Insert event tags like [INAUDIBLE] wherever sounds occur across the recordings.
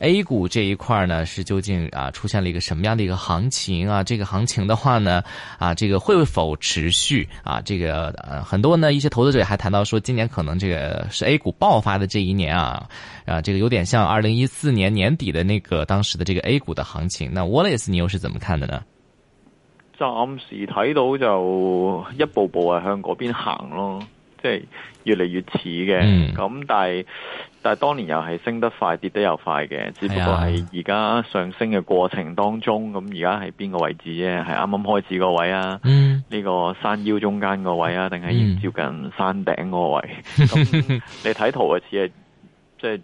A 股這一塊呢，是究竟啊出現了一個什麼樣的一個行情啊？這個行情的話呢，啊，這個會否持續啊？這個呃、啊，很多呢一些投資者還談到說，今年可能這個是 A 股爆發的這一年啊，啊，這個有點像二零一四年年底的那個當時的這個 A 股的行情。那 Wallace，你又是怎麼看的呢？暫時睇到就一步步係向嗰邊行咯，即係越嚟越似嘅，咁、嗯、但係。但係當年又係升得快，跌得又快嘅，只不過係而家上升嘅過程當中，咁而家係邊個位置啫？係啱啱開始個位啊，呢、嗯、個山腰中間個位啊，定係要接近山頂個位？你睇圖啊，似係即係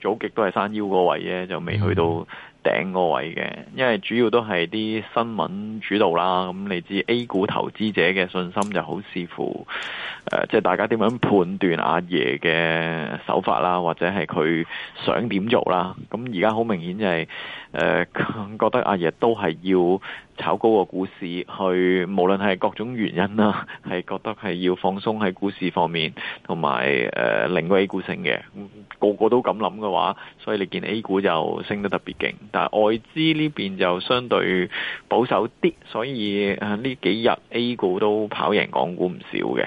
早極都係山腰個位啫，就未去到。嗯頂個位嘅，因為主要都係啲新聞主導啦。咁你知 A 股投資者嘅信心就好視乎，即、呃、係、就是、大家點樣判斷阿爺嘅手法啦，或者係佢想點做啦。咁而家好明顯就係、是，誒、呃，覺得阿爺都係要。炒高個股市，去無論係各種原因啦，係覺得係要放鬆喺股市方面，同埋誒令個 A 股升嘅，個個都咁諗嘅話，所以你見 A 股就升得特別勁，但係外資呢邊就相對保守啲，所以呢幾日 A 股都跑贏港股唔少嘅。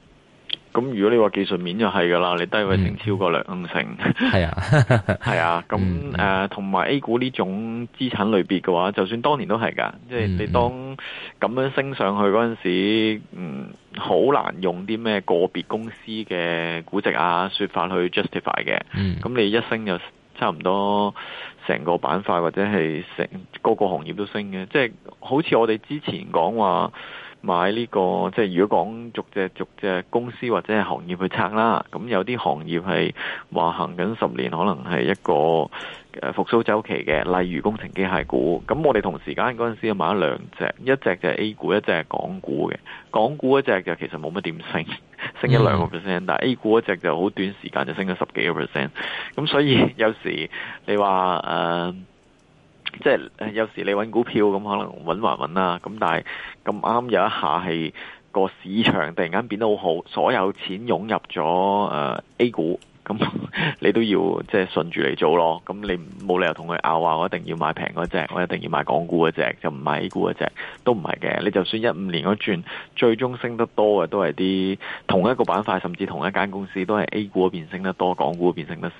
咁如果你話技術面就係噶啦，你低位升超過兩成，係、嗯、 [LAUGHS] 是啊，係 [LAUGHS] 啊。咁誒，同埋、嗯呃、A 股呢種資產類別嘅話，就算當年都係噶，即、就、係、是、你當咁樣升上去嗰陣時，嗯，好難用啲咩個別公司嘅估值啊說法去 justify 嘅。咁、嗯、你一升就差唔多成個板塊或者係成個個行業都升嘅，即、就、係、是、好似我哋之前講話。買呢個即係如果講逐隻逐隻公司或者係行業去測啦，咁有啲行業係話行緊十年，可能係一個誒復甦週期嘅，例如工程機械股。咁我哋同時間嗰陣時買咗兩隻，一隻就 A 股，一隻係港股嘅。港股一隻就其實冇乜點升，升一兩個 percent，但係 A 股一隻就好短時間就升咗十幾個 percent。咁所以有時你話誒。呃即係有時你揾股票咁，可能揾還揾啦。咁但係咁啱有一下係個市場突然間變得好好，所有錢湧入咗誒 A 股。咁 [LAUGHS] 你都要即係順住嚟做咯，咁你冇理由同佢拗話我一定要買平嗰隻，我一定要買港股嗰隻，就唔買 A 股嗰隻，都唔係嘅。你就算一五年嗰轉，最終升得多嘅都係啲同一個板塊，甚至同一間公司，都係 A 股嗰邊升得多，港股嗰邊升得少。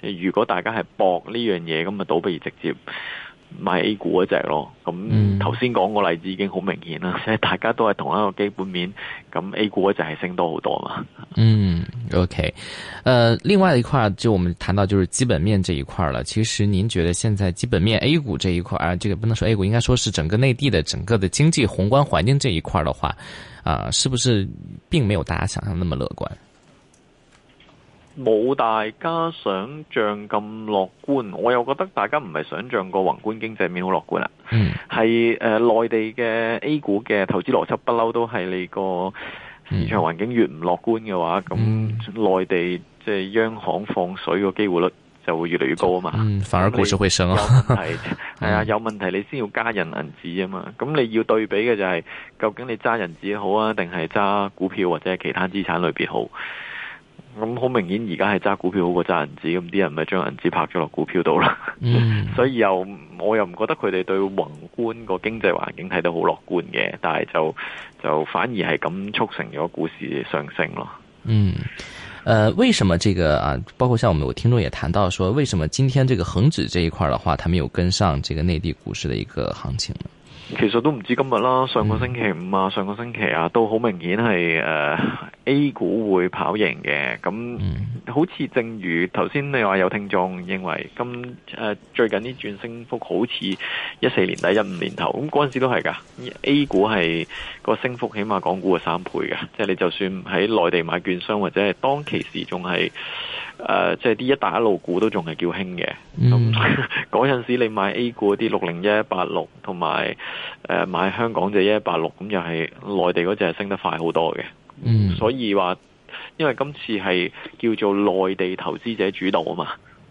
即係如果大家係搏呢樣嘢，咁啊倒不如直接，買 A 股嗰隻咯，咁頭先講個例子已經好明顯啦，即係、嗯、大家都係同一個基本面，咁 A 股嗰隻係升多好多嘛嗯。嗯，OK，、呃、另外一塊就我們談到就是基本面這一塊啦。其實您覺得現在基本面 A 股這一塊，啊，這個不能說 A 股，應該說是整個內地的整個的經濟宏觀環境這一塊的話，啊、呃，是不是並沒有大家想象那麼樂觀？冇大家想象咁樂觀，我又覺得大家唔係想象個宏觀經濟面好樂觀啦。嗯、係、呃、內地嘅 A 股嘅投資邏輯，不嬲都係你個市場環境越唔樂觀嘅話，咁、嗯、內地即係、就是、央行放水嘅機會率就會越嚟越高啊嘛。嗯、嗯，反而股市會升係係 [LAUGHS] 啊，有問題你先要加人銀紙啊嘛。咁你要對比嘅就係、是，究竟你揸人紙好啊，定係揸股票或者其他資產類別好？咁好、嗯、明顯而家係揸股票好過揸銀紙，咁啲人咪將銀紙拍咗落股票度啦。嗯、所以又我又唔覺得佢哋對宏觀個經濟環境睇得好樂觀嘅，但係就就反而係咁促成咗股市上升咯。嗯，誒、呃，為什麼這個啊，包括像我們有聽眾也談到說，為什麼今天這個恒指這一塊的話，它沒有跟上這個內地股市的一個行情呢？其實都唔止今日啦，上個星期五啊，上個星期啊，都好明顯係誒、uh, A 股會跑贏嘅。咁好似正如頭先你話有聽眾認為，咁誒、uh, 最近呢轉升幅好似一四年底一五年頭，咁嗰陣時都係噶 A 股係、那個升幅起碼港股嘅三倍嘅，即、就、係、是、你就算喺內地買券商或者係當其時仲係。誒，即係啲一帶一路股都仲係叫興嘅，嗰陣、mm. [LAUGHS] 時你買 A 股啲六零一一八六，同埋誒買香港隻一一八六，咁又係內地嗰隻係升得快好多嘅。Mm. 所以話，因為今次係叫做內地投資者主導啊嘛，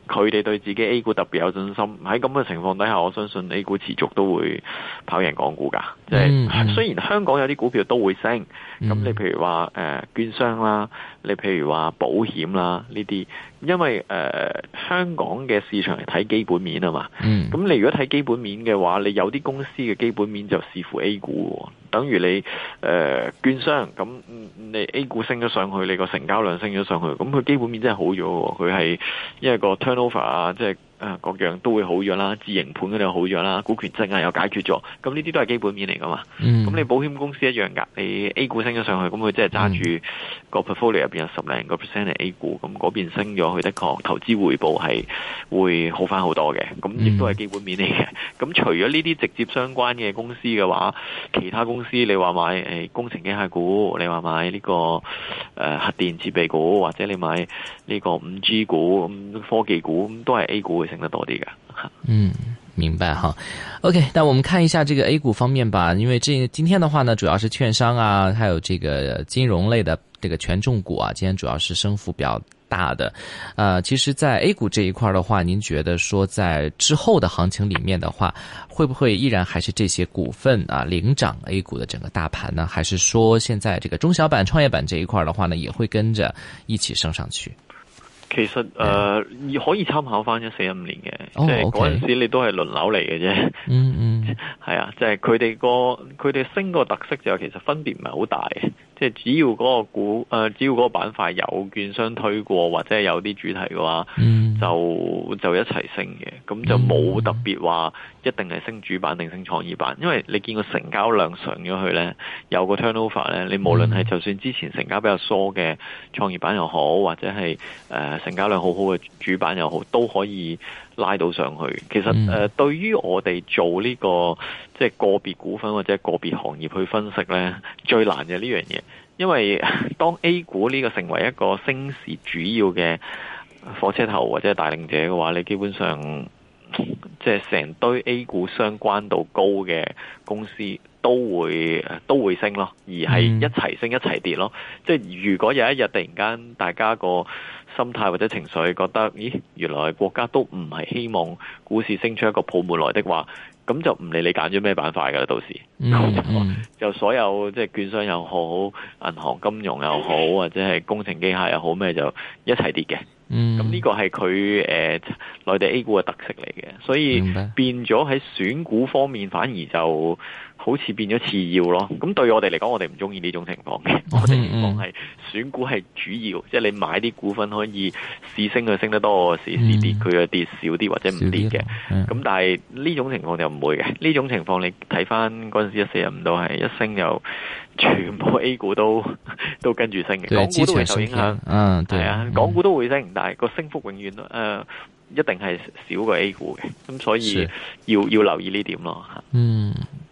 佢哋對自己 A 股特別有信心。喺咁嘅情況底下，我相信 A 股持續都會跑贏港股噶。即、就、係、是 mm. 雖然香港有啲股票都會升，咁、mm. 你譬如話誒券商啦。你譬如話保險啦，呢啲。因為誒、呃、香港嘅市場係睇基本面啊嘛，咁、嗯、你如果睇基本面嘅話，你有啲公司嘅基本面就視乎 A 股喎，等於你誒、呃、券商，咁你 A 股升咗上去，你個成交量升咗上去，咁佢基本面真係好咗喎，佢係因為個 turnover 啊，即係誒各樣都會好咗啦，自營盤嗰度好咗啦，股權質押又解決咗，咁呢啲都係基本面嚟噶嘛，咁、嗯、你保險公司一樣噶，你 A 股升咗上去，咁佢即係揸住個、嗯、portfolio 入邊有十零個 percent 係 A 股，咁嗰邊升咗。佢的確投資回報係會好翻好多嘅，咁亦都係基本面嚟嘅。咁除咗呢啲直接相關嘅公司嘅話，其他公司你話買誒工程機械股，你話買呢個誒核電設備股，或者你買呢個五 G 股咁科技股，都係 A 股會升得多啲噶。嗯，明白哈。OK，但我們看一下這個 A 股方面吧，因為這今天的話呢，主要是券商啊，還有這個金融類的這個權重股啊，今天主要是升幅比較大的，呃，其實，在 A 股這一塊的話，您覺得說在之後的行情裏面的話，會不會依然還是這些股份啊領漲 A 股的整個大盤呢？還是說現在這個中小板、創業板這一塊的話呢，也會跟着一起升上去？其實，是呃，可以參考翻一四一五年嘅，即係嗰陣時你都係輪流嚟嘅啫。嗯嗯，係 [LAUGHS] 啊，即係佢哋個佢哋升個特色就係其實分別唔係好大嘅。即係只要嗰個股，誒，只要嗰個板塊有券商推過或者係有啲主題嘅話，就就一齊升嘅，咁就冇特別話一定係升主板定升創業板，因為你見個成交量上咗去呢，有個 turnover 呢，你無論係就算之前成交比較疏嘅創業板又好，或者係誒成交量好好嘅主板又好，都可以拉到上去，其實誒，對於我哋做呢、這個即係、就是、個別股份或者個別行業去分析呢，最難嘅呢樣嘢，因為當 A 股呢個成為一個升市主要嘅火車頭或者帶領者嘅話，你基本上即係成堆 A 股相關度高嘅公司都會都會升咯，而係一齊升一齊跌咯。即係如果有一日突然間大家個心態或者情緒覺得，咦，原來國家都唔係希望股市升出一個泡沫來的話，咁就唔理你揀咗咩板塊㗎喇，到時，嗯嗯、就所有即係、就是、券商又好，銀行金融又好，Okay. 或者係工程機械又好咩，就一齊跌嘅。咁呢、嗯、個係佢誒內地 A 股嘅特色嚟嘅，所以變咗喺選股方面反而就。好似變咗次要咯，咁對我哋嚟講，我哋唔中意呢種情況嘅。我哋希望係選股係主要，即係 [LAUGHS] 你買啲股份可以升，市升佢升得多時，市跌佢又跌少啲或者唔跌嘅。咁、嗯、但係呢種情況就唔會嘅。呢種情況你睇翻嗰陣時四五，一四一五都係一升又全部 A 股都都跟住升嘅，對港股都會受影響。嗯，係啊，港股都會升，嗯、但係個升幅永遠都誒、呃、一定係少過 A 股嘅。咁所以要是 要留意呢點咯。嗯。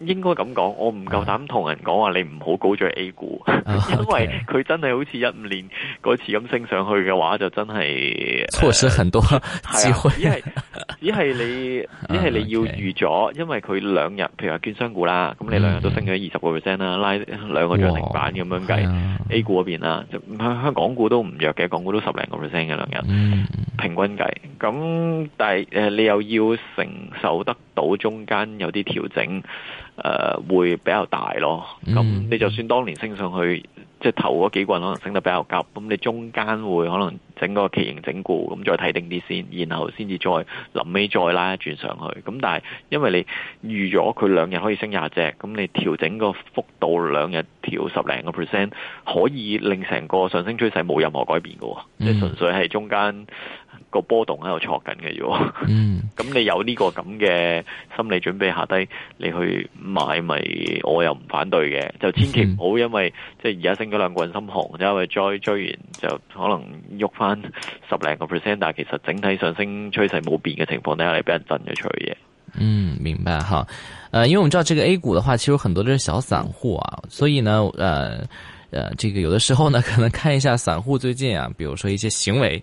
應該咁講，我唔夠膽同人講話、啊、你唔好高追 A 股，啊、因為佢真係好似一五年嗰次咁升上去嘅話，就真係錯失很多機會、呃啊。只係只係你，啊、只係你要預咗，啊、okay, 因為佢兩日，譬如話券商股啦，咁、嗯、你兩日都升咗二十個 percent 啦，拉兩個漲停板咁樣計 A 股嗰邊啦，香香港股都唔弱嘅，港股都十零個 percent 嘅兩日，嗯、平均計。咁但係誒、呃，你又要承受得到中間有啲調整。誒、呃、會比較大咯，咁你就算當年升上去，嗯、即係頭嗰幾棍可能升得比較急，咁你中間會可能整個奇形整固，咁再睇定啲先，然後先至再臨尾再拉一轉上去。咁但係因為你預咗佢兩日可以升廿隻，咁你調整個幅度兩日調十零個 percent，可以令成個上升趨勢冇任何改變嘅喎，嗯、即純粹係中間。這個波動喺度戳緊嘅啫，咁你有呢個咁嘅心理準備下低你去買咪，我又唔反對嘅。就千祈唔好因為即係而家升咗兩個人心紅，因為再追完就可能喐翻十零個 percent，但係其實整體上升趨勢冇變嘅情況底下，你俾人震咗出去嘅。嗯，明白哈。誒，因為我知道這個 A 股嘅話，其實有很多都係小散戶啊，所以呢，誒，誒，這個有的時候呢，可能看一下散戶最近啊，比如說一些行為。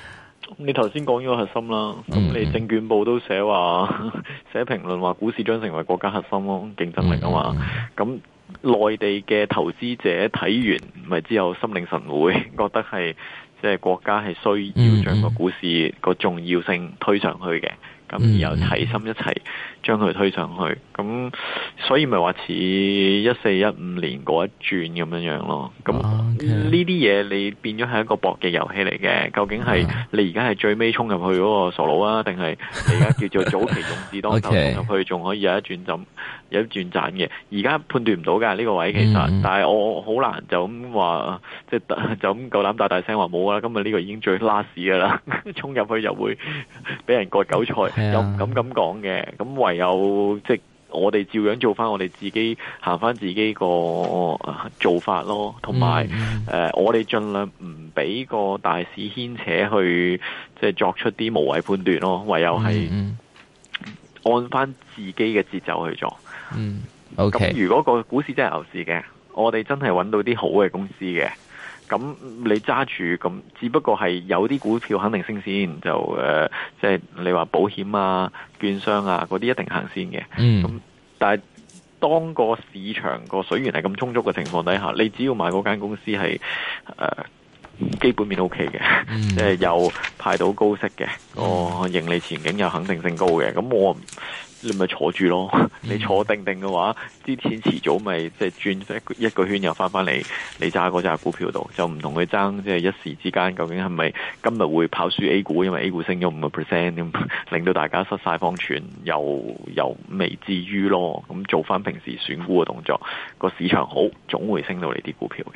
你頭先講咗個核心啦，咁你證券報都寫話寫評論話，股市將成為國家核心競爭力啊嘛，咁內地嘅投資者睇完咪之後心領神會，覺得係即係國家係需要將個股市個重要性推上去嘅。咁然後齊心一齊將佢推上去，咁、嗯、所以咪話似一四一五年嗰一轉咁樣樣咯。咁呢啲嘢你變咗係一個搏嘅遊戲嚟嘅，究竟係你而家係最尾衝入去嗰個傻佬啊，定係你而家叫做早期用士當頭衝入去，仲 [LAUGHS] Okay. 可以有一轉枕？有啲轉賺嘅，而家判斷唔到㗎，呢個位其實，mm hmm. 但係我好難就咁話，即係就咁、是、夠膽大大聲話冇啦！今日呢個已經最拉屎㗎啦，衝入去就會俾人割韭菜，Yeah. 又唔敢咁講嘅。咁唯有即係、就是、我哋照樣做翻我哋自己行翻自己個做法咯，同埋誒我哋盡量唔俾個大市牽扯去，即、就、係、是、作出啲無謂判斷咯。唯有係按翻自己嘅節奏去做。嗯，OK。如果個股市真係牛市嘅，我哋真係揾到啲好嘅公司嘅。咁你揸住，咁只不過係有啲股票肯定升先，就誒、即、呃、係、就是、你話保險啊、券商啊嗰啲一定行先嘅。咁、嗯、但係當個市場個水源係咁充足嘅情況底下，你只要買嗰間公司係誒、呃、基本面 OK 嘅，即係、嗯、有派到高息嘅，哦，盈利前景又肯定性高嘅，咁我。你咪坐住咯，你坐定定嘅話，啲錢遲早咪即係轉一個圈又翻返嚟，你揸嗰隻股票度就唔同佢爭，即係一時之間究竟係咪今日會跑輸 A 股，因為 A 股升咗五個 percent，令到大家失晒方寸，又又未至於咯。咁做翻平時選股嘅動作，個市場好總會升到你啲股票嘅。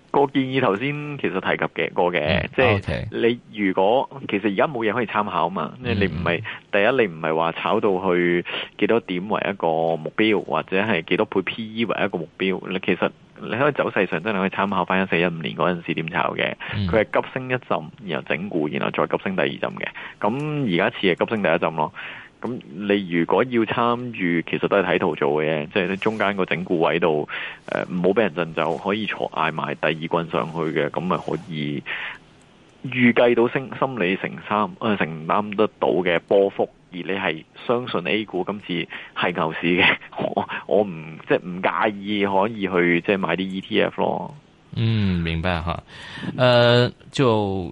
個建議頭先其實提及嘅，個嘅，即係你如果其實而家冇嘢可以參考嘛，即、mm. 你唔係第一，你唔係話炒到去幾多點為一個目標，或者係幾多倍 PE 為一個目標。你其實你可以走勢上真係可以參考翻一四一五年嗰陣時點炒嘅，佢係、mm. 急升一浸，然後整固，然後再急升第二浸嘅。咁而家似係急升第一浸咯。咁你如果要參與，其實都係睇圖做嘅，即係你中間個整固位度，誒、呃，唔好俾人震，可就可以坐嗌埋第二棍上去嘅，咁咪可以預計到升心理承三，呃、承擔得到嘅波幅，而你係相信 A 股今次係牛市嘅，我我唔即係唔介意可以去即係、即係、買啲 ETF 咯。嗯，明白吓，誒、呃，就。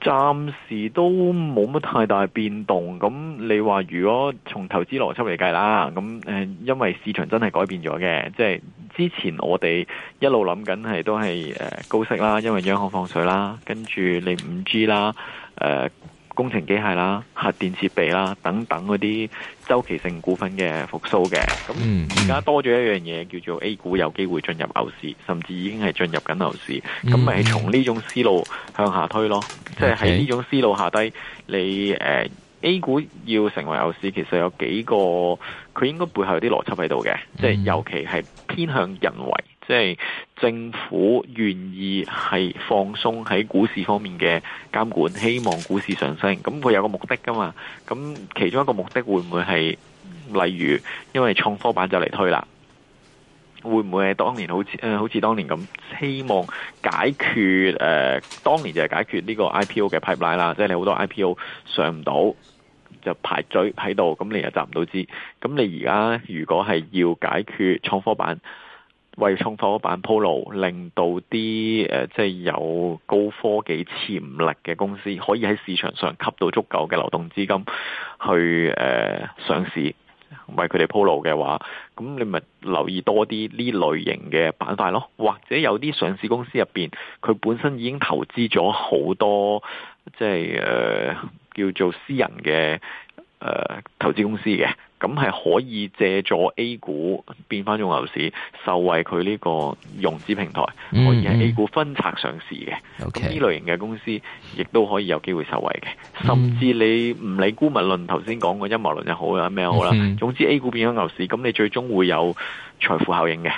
暫時都冇乜太大變動，咁你話如果從投資邏輯嚟計啦，咁因為市場真係改變咗嘅，即係之前我哋一路諗緊係都係高息啦，因為央行放水啦，跟住你五 G 啦，呃、工程機械啦、核電設備啦等等嗰啲周期性股份嘅復蘇嘅，咁而家多咗一樣嘢叫做 A 股有機會進入牛市，甚至已經係進入緊牛市，咁咪、嗯、從呢種思路向下推咯。即係喺呢種思路下低，你誒、呃、A 股要成為牛市，其實有幾個佢應該背後有啲邏輯喺度嘅，嗯、即係尤其係偏向人為。即係政府願意係放鬆喺股市方面嘅監管，希望股市上升。咁佢有個目的噶嘛？咁其中一個目的會唔會係，例如因為創科板就嚟推啦，會唔會係當年好似誒、呃，好似當年咁，希望解決誒、呃，當年就係解決呢個 IPO 嘅 pipeline 啦，即係你好多 IPO 上唔到就排隊喺度，咁你又集唔到資。咁你而家如果係要解決創科板，為創科板鋪路，令到啲、呃、即係有高科技潛力嘅公司，可以喺市場上吸到足夠嘅流動資金去、呃、上市，為佢哋鋪路嘅話，咁你咪留意多啲呢類型嘅板塊咯，或者有啲上市公司入面，佢本身已經投資咗好多即係、呃、叫做私人嘅誒、呃、投資公司嘅。咁係可以借助 A 股變翻做牛市，受惠佢呢個融資平台，嗯、可以喺 A 股分拆上市嘅。咁呢 Okay. 類型嘅公司，亦都可以有機會受惠嘅。甚至你唔理沽物論，頭先講過陰謀論又好啦，咩好啦，嗯、總之 A 股變咗牛市，咁你最終會有財富效應嘅。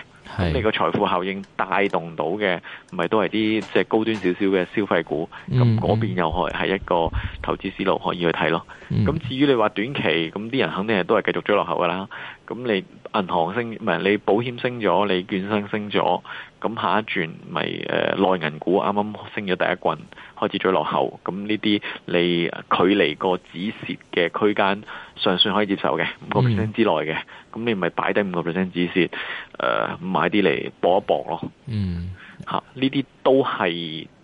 你個財富效應帶動到嘅，唔係都係啲即係高端少少嘅消費股，咁嗰邊又可係一個投資思路可以去睇咯。咁至於你話短期，咁啲人肯定係都係繼續追落後㗎啦。咁你銀行升，唔係你保險升咗，你券商升咗。咁下一轉咪誒，內銀股啱啱升咗第一棍，開始最落後。咁呢啲你距離個止蝕嘅區間尚算可以接受嘅五個 percent 之內嘅，咁你咪擺低五個 percent 止蝕誒、呃，買啲嚟搏一搏咯。嗯、啊，吓呢啲都係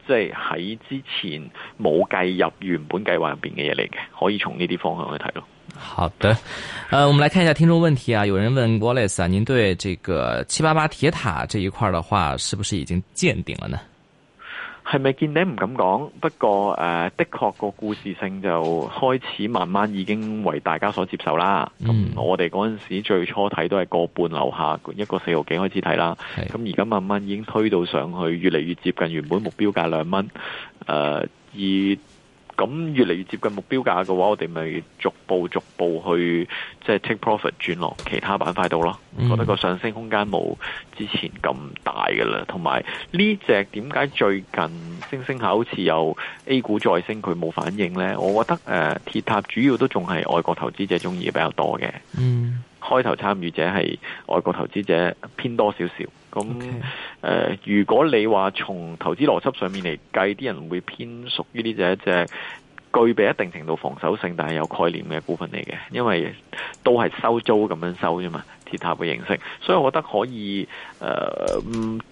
即係喺之前冇計入原本計劃入邊嘅嘢嚟嘅，可以從呢啲方向去睇咯。好的，誒、呃，我們來看一下聽眾問題啊，有人問 Wallace 啊，您對這個七八八鐵塔這一塊的話，是不是已經見頂了呢？係咪見頂唔敢講，不過誒、呃、的確個故事性就開始慢慢已經為大家所接受啦。嗯，我哋嗰陣時最初睇都係個半樓下，一個四毫幾開始睇啦，咁的而家慢慢已經推到上去，越嚟越接近原本目標價兩蚊，誒、呃，以。咁越嚟越接近目標價嘅話，我哋咪逐步逐步去即係、就是、take profit 轉落其他板塊度咯。覺得個上升空間冇之前咁大嘅啦。同埋呢隻點解最近升升下好似有 A 股再升，佢冇反應咧？我覺得誒、呃、鐵塔主要都仲係外國投資者中意比較多嘅。嗯，開頭參與者係外國投資者偏多少少。咁那 Okay.、呃、如果你話從投資邏輯上面嚟計，啲人會偏屬於呢隻一隻具備一定程度防守性、但係有概念嘅股份嚟嘅，因為都係收租咁樣收啫嘛。鐵塔嘅形式，所以我覺得可以誒、呃，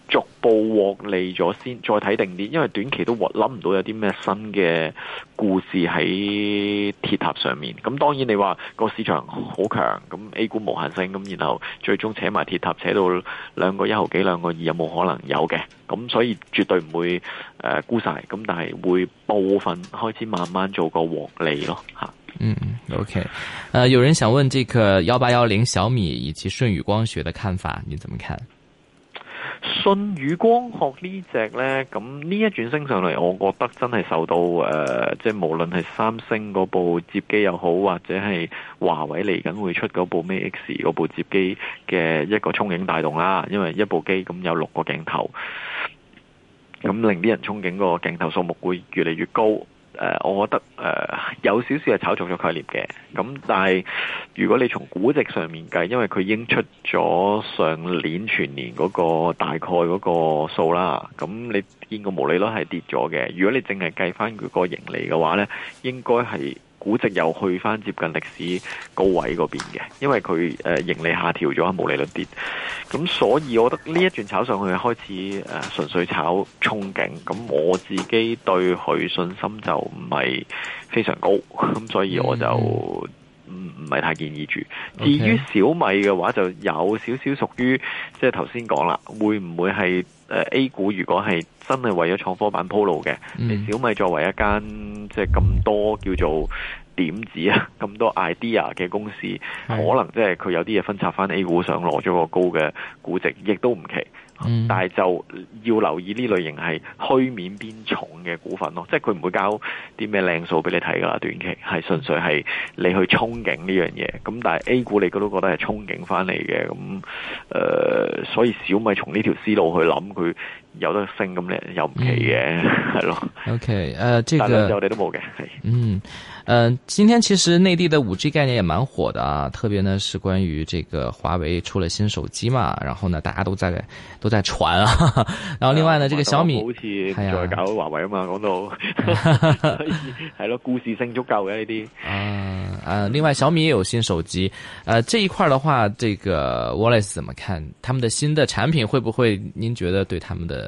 逐步獲利咗先，再睇定啲。因為短期都諗唔到有啲咩新嘅故事喺鐵塔上面。咁當然你話個市場好強，咁 A 股無限性，咁然後最終扯埋鐵塔扯到兩個一毫幾，兩個二有冇可能有嘅？咁所以絕對唔會誒、呃、沽晒，咁但係會部分開始慢慢做個獲利咯，吓。嗯，OK，誒、呃，有人想問這個幺八幺零小米以及舜宇光學的看法，你怎麼看？舜宇光學呢隻呢，咁呢一轉升上嚟，我覺得真係受到誒、呃，即係無論係三星嗰部接機又好，或者係華為嚟緊會出嗰部咩 X 嗰部接機嘅一個憧憬帶動啦，因為一部機咁有六個鏡頭，咁令啲人憧憬個鏡頭數目會越嚟越高。誒，uh, 我覺得誒、uh, 有少少係炒作咗概念嘅，咁但係如果你從估值上面計，因為佢已經出咗上年全年嗰個大概嗰個數啦，咁你見個毛利率係跌咗嘅，如果你淨係計翻佢個盈利嘅話咧，應該係。估值又去翻接近歷史高位嗰邊嘅，因為佢誒、呃、盈利下調咗，無利率跌，咁所以我覺得呢一段炒上去開始誒純粹炒憧憬，咁我自己對佢信心就唔係非常高，咁所以我就，嗯唔唔係太建議住。至於小米嘅話，就有少少屬於即係頭先講啦，會唔會係 A 股？如果係真係為咗創科板鋪路嘅，嗯、你小米作為一間即係咁多叫做點子啊、咁多 idea 嘅公司，是的 可能即係佢有啲嘢分拆翻 A 股上攞咗個高嘅估值，亦都唔奇。嗯，但係就要留意呢類型係虛面邊重嘅股份咯，即係佢唔會交啲咩靚數俾你睇噶啦，短期係純粹係你去憧憬呢樣嘢。咁但係 A 股你都覺得係憧憬翻嚟嘅，咁誒，呃，所以小米從呢條思路去諗佢。有得升咁你又唔奇嘅，係咯，嗯。 [LAUGHS] OK，誒、呃，這個我哋都冇嘅。嗯，呃，今天其實內地的五 G 概念也蠻火的啊，特別呢是關於這個華為出了新手機嘛，然後呢，大家都在都在傳啊。然後另外呢，啊，這個小米好似在搞華為啊嘛，啊，講到係咯，故事性足夠嘅呢啲。啊，呃，另外小米也有新手機，誒、呃，這一塊的話，這個 Wallace 怎麼看？他們的新的產品會不會？您覺得對他們的？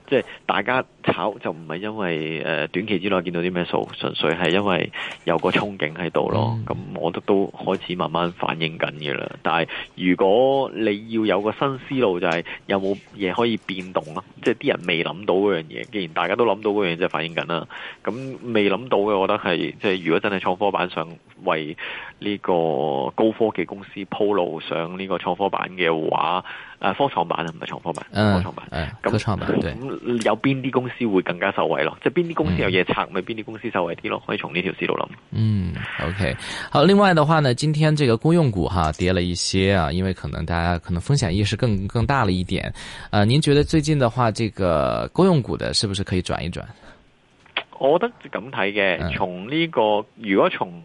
即係大家炒就唔係因為、呃、短期之內見到啲咩數，純粹係因為有個憧憬喺度咯。咁我都都開始慢慢反映緊嘅啦。但係如果你要有個新思路，就係有冇嘢可以變動啊？即係啲人未諗到嗰樣嘢，既然大家都諗到嗰樣嘢，即反映緊啦。咁未諗到嘅，我覺得係即係如果真係創科板上為呢個高科技公司鋪路上呢個創科板嘅話。啊，科創板，啊，唔係創科版，科創板，嗯，科創板，科創板，對，咁有邊啲公司會更加受惠咯？即係邊啲公司有嘢拆，咪邊啲公司受惠啲咯？可以從呢條思路諗。嗯，OK，好，另外的話呢，今天這個公用股哈跌了一些啊，因為可能大家可能風險意識更更大了一點，呃，您覺得最近的話，這個公用股的是不是可以轉一轉？我覺得咁睇嘅，從呢個如果從。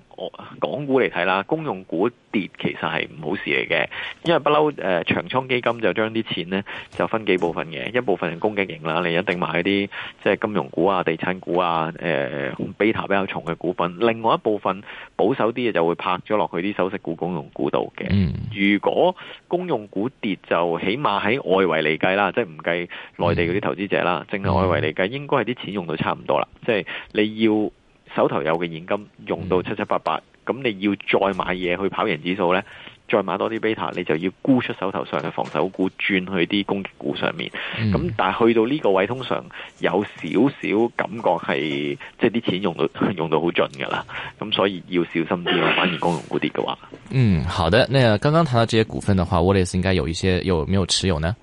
港股嚟睇啦，公用股跌其實係唔好事嚟嘅，因為不嬲誒長倉基金就將啲錢呢就分幾部分嘅，一部分係攻擊型啦，你一定買啲即係金融股啊、地產股啊、誒 beta 比較重嘅股份；另外一部分保守啲嘅就會泊咗落去啲收息股、公用股度嘅。Mm. 如果公用股跌，就起碼喺外圍嚟計啦，即係唔計內地嗰啲投資者啦，淨係、mm. 外圍嚟計應該係啲錢用到差唔多啦。即係你要。手頭有嘅現金用到七七八八，咁、嗯、你要再買嘢去跑贏指數呢，再買多啲 beta，你就要沽出手頭上嘅防守股，轉去啲攻擊股上面。咁、嗯、但係去到呢個位，通常有少少感覺係即係啲錢用到用到好盡噶啦，咁所以要小心啲咯。反而公用股跌嘅話，嗯，好的。那、呃、剛剛談到這些股份的話 Wallace 應該有一些，有沒有持有呢？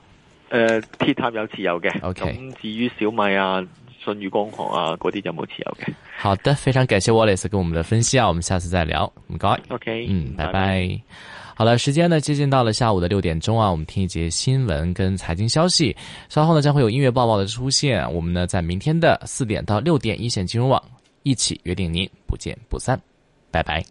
誒鐵塔有持有嘅。咁 Okay. 至於小米啊。信裕光學啊，嗰啲就冇持有嘅。好的，非常感謝 Wallace 跟我們的分析啊，我們下次再聊。唔該，OK 嗯，拜拜。好了，時間呢接近到了下午的六點鐘啊，我們聽一節新聞跟財經消息，稍後呢將會有音樂報告的出現。我們呢在明天的四點到六點，一線金融網一起約定您不見不散。拜拜。